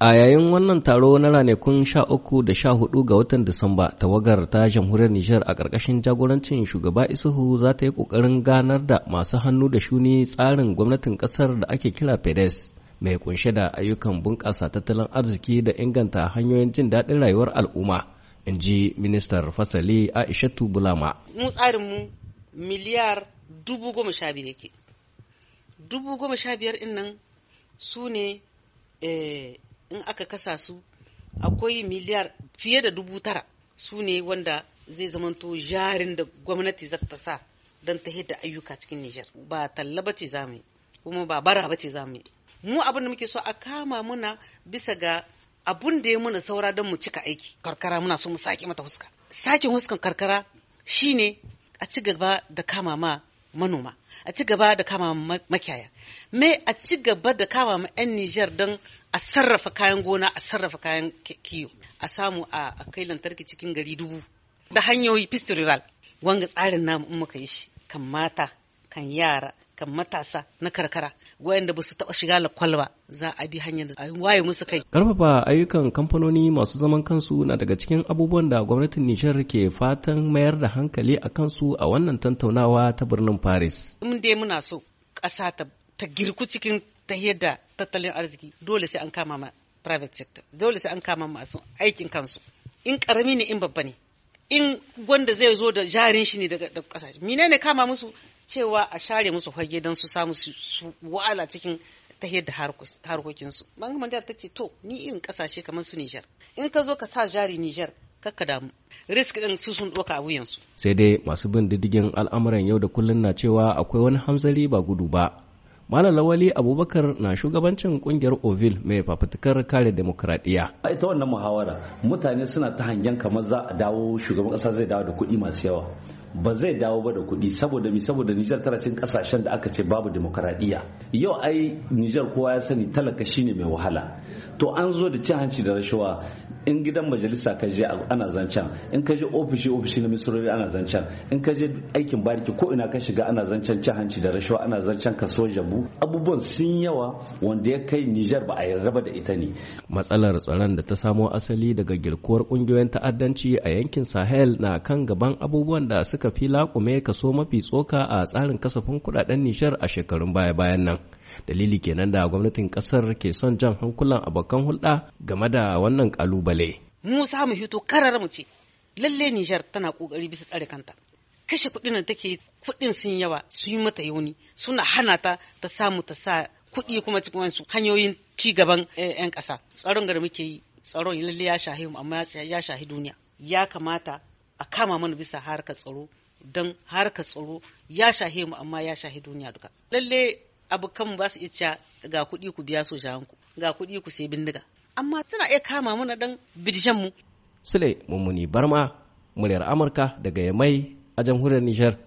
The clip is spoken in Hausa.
A yayin wannan taro na ranakun sha uku da sha hudu ga watan Disamba, tawagar ta jamhuriyar Nijar a ƙarƙashin jagorancin shugaba Isuhu za ta yi ƙoƙarin ganar da masu hannu da shuni tsarin gwamnatin ƙasar da ake kira PEDES, mai kunshe da ayyukan bunƙasa tattalin arziki da inganta hanyoyin jin daɗin rayuwar al'umma, in ji ministar fasali Aishatu Bulama. Mu mu miliyar dubu goma sha biyar yake. Dubu goma sha biyar ɗin nan su ne eh, in aka kasa su akwai miliyar fiye da dubu tara su ne wanda zai zamanto jarin da gwamnati za ta sa don ta da ayyuka cikin Nijar. Ba talla ba ce za mu kuma ba bara ba ce za Mu abin da muke so a kama muna bisa ga abun da ya muna saura don mu cika aiki. Karkara muna so mu sake mata huska. Sakin huskan karkara shine a ci gaba da kama ma manoma a ci gaba da kama makiyaya me a ci gaba da kama ma 'yan Nijar don a sarrafa kayan gona a sarrafa kayan kiyo a samu a kai lantarki cikin gari dubu da hanyoyi festival wanga tsarin namu in muka yi shi kan mata kan yara kan matasa na karkara wayanda ba su taɓa shiga lakwal ba za a bi hanyar da waye musu kai. Karfafa ayyukan kamfanoni masu zaman kansu na daga cikin abubuwan da gwamnatin Nijar ke fatan mayar da hankali a kansu a wannan tantaunawa ta birnin Paris. Mun dai muna so ƙasa ta girku cikin ta da tattalin arziki dole sai an kama ma private sector dole sai an kama masu aikin kansu in karami ne in babba ne. in gwanda zai zo da jarin shi ne daga kasashe menene kama musu cewa a share musu fage don su samu su wala cikin ta da harkokinsu bankin jar ta ce to ni in kasashe kamar su nijar in ka zo ka sa jari nijar kakka damu risk din su sun doka a wuyansu sai dai masu bin diddigin al'amuran yau da kullun na cewa akwai wani hamzari ba gudu ba Malam Lawali Abubakar na shugabancin kungiyar Ovil mai fafutukar kare demokradiyya. Ita wannan muhawara mutane suna ta hangen kamar za a dawo shugaban ƙasa zai dawo da kuɗi masu yawa. ba zai dawo ba da kuɗi saboda mi saboda Nijar tana cin kasashen da aka ce babu demokaradiyya yau ai Nijar kowa ya sani talaka shine mai wahala to an zo da cin hanci da rashawa in gidan majalisa ka je ana zancen in ka je ofishi ofishi na misrori ana zancen in ka je aikin bariki ko ina ka shiga ana zancan cin hanci da rashawa ana ka soja jabu abubuwan sun yawa wanda ya kai Nijar ba a yarda ba da ita ne matsalar tsaron da ta samo asali daga girkuwar kungiyoyin ta'addanci a yankin Sahel na kan gaban abubuwan da su suka fi laƙume kaso mafi tsoka a tsarin kasafin kudaden nishar a shekarun baya-bayan nan dalili kenan da gwamnatin kasar ke son jan hankulan abokan hulɗa game da wannan kalubale mu samu hito karar mu ce lalle nijar tana kokari bisa tsare kanta kashe kuɗin da take kuɗin sun yawa sun yi mata yauni suna hana ta ta samu ta sa kuɗi kuma cikin wasu hanyoyin ci gaban 'yan eh, ƙasa tsaron gar muke yi tsaron lalle ya shahi mu amma ya shahi duniya ya kamata a kama mana bisa harkar tsaro don harkar tsaro ya shahe mu amma ya shahe duniya duka lalle kan ba su iya ga kuɗi ku biya ku ga kuɗi ku sai bindiga amma tana iya kama mana dan bidijan mu sule mummuni barma muryar amurka daga yamai a jamhuriyar nijar